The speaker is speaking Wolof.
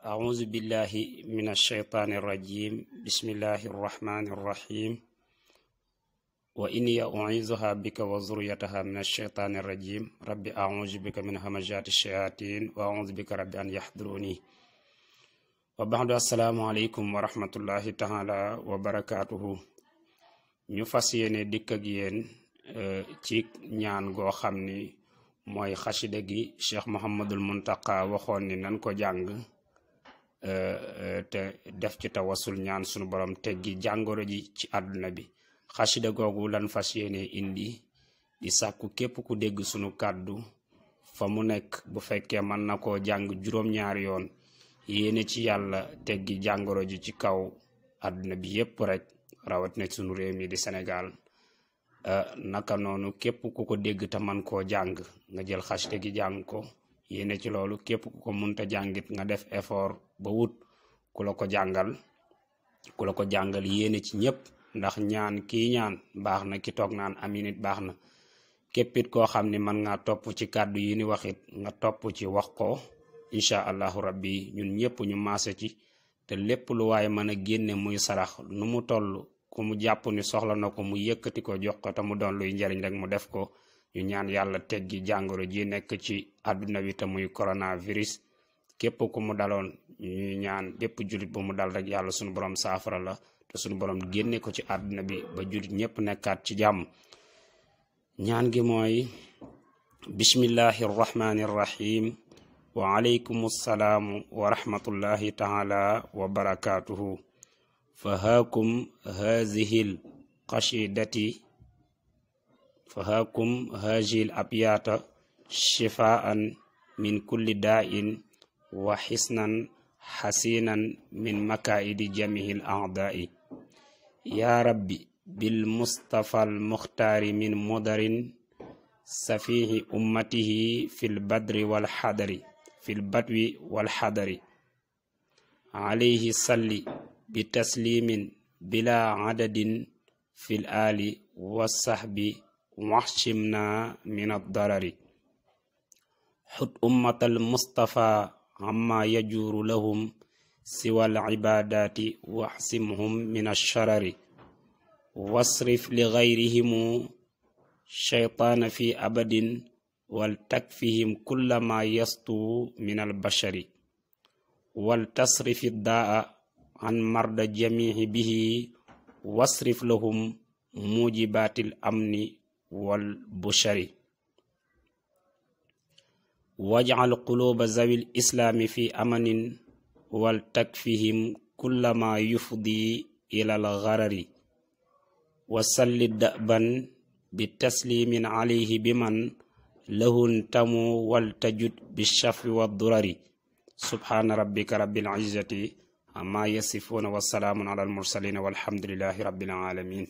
أعوذ بالله من الشيطان الرجيم بسم الله الرحمن الرحيم وإني أعيذها بك وذريتها من الشيطان الرجيم رب أعوذ بك من همجات الشياطين وأعوذ بك رب أن يحضروني وبعد السلام عليكم ورحمة الله تعالى وبركاته ñu fas yéene dikk ak yéen ci ñaan goo xam ni mooy xasida gi Cheikh Mouhamadul Muntaka waxoon ni nan ko jàng Euh, euh, te def ci tawasul ñaan sunu borom teggi jàngoro ji ci àdduna bi xasida googu lan fas yéene indi di sàkku képp ku dégg sunu kàddu fa mu nekk bu fekkee mën na koo jàng juróom yoon yéene ci yàlla teggi jàngoro ji ci kaw àdduna bi yépp rek rawatina sunu réew mi di Sénégal euh, naka noonu képp ku ko dégg te man koo jàng nga jël xasida gi jàng ko yéene ci loolu képp ku ko munta jàngit nga def effort ba wut ku la ko jàngal ku la ko jàngal yéene ci ñëpp ndax ñaan kii ñaan baax na ki toog naan amin it baax na képpit koo xam ni mën ngaa topp ci kàddu yi ni waxit nga topp ci wax ko incha allahu rabbi ñun ñëpp ñu maase ci te lépp lu waaye mën a génne muy sarax nu mu toll ku mu jàpp ni soxla na ko mu yëkkati ko jox ko mu doon luy njariñ rek mu def ko ñu ñaan yàlla teggi jàngoro ji nekk ci àdduna bi muy coronavirus képp ku mu daloon ñuy ñaan bépp jullit bu mu dal rek yàlla sunu borom saafara la te sunu borom génne ko ci àdduna bi ba julit ñëpp nekkaat ci jàmm ñaan gi mooy bismillahi rrahmani rrahim wa alaykum assalaamu wa rahmatullahi taala wa barakaatuhu fa haakum haazihil fa haakum haajil abyaata shifaan min kulli daain wa xisnan xasinan min makaidi jamihi l aadaai yaa rabbi bil mustafa al muxtaari min mudarin safihi ummatihi fil badri wal xadari fil badwi wal xadari alayhi salli bi taslimin bila adadin fil aali wa sahbi waxshimna min addarari xut ummatal mustafa amma yajuuru lahum siwal cibaadaati waxsimhum min asharari wasrif li gayrihimu shaytaana fi abadin wal takfihim kulla ma yastu min albashari wal tasrifi daa an marda jamiihi bihi wasrif lahum mujibaatil amni wal bushari waj'al quluba zawil islaami fi amanin wal takfihim kullama yufdi ilal gharari wasalli da'ban bi taslimin alayhi biman lahun tamu wal tajud bi shafi wa durari subhana rabbika rabbil izzati amma yasifuna wa salaamun ala al mursalin walhamdulillahi rabbil alamin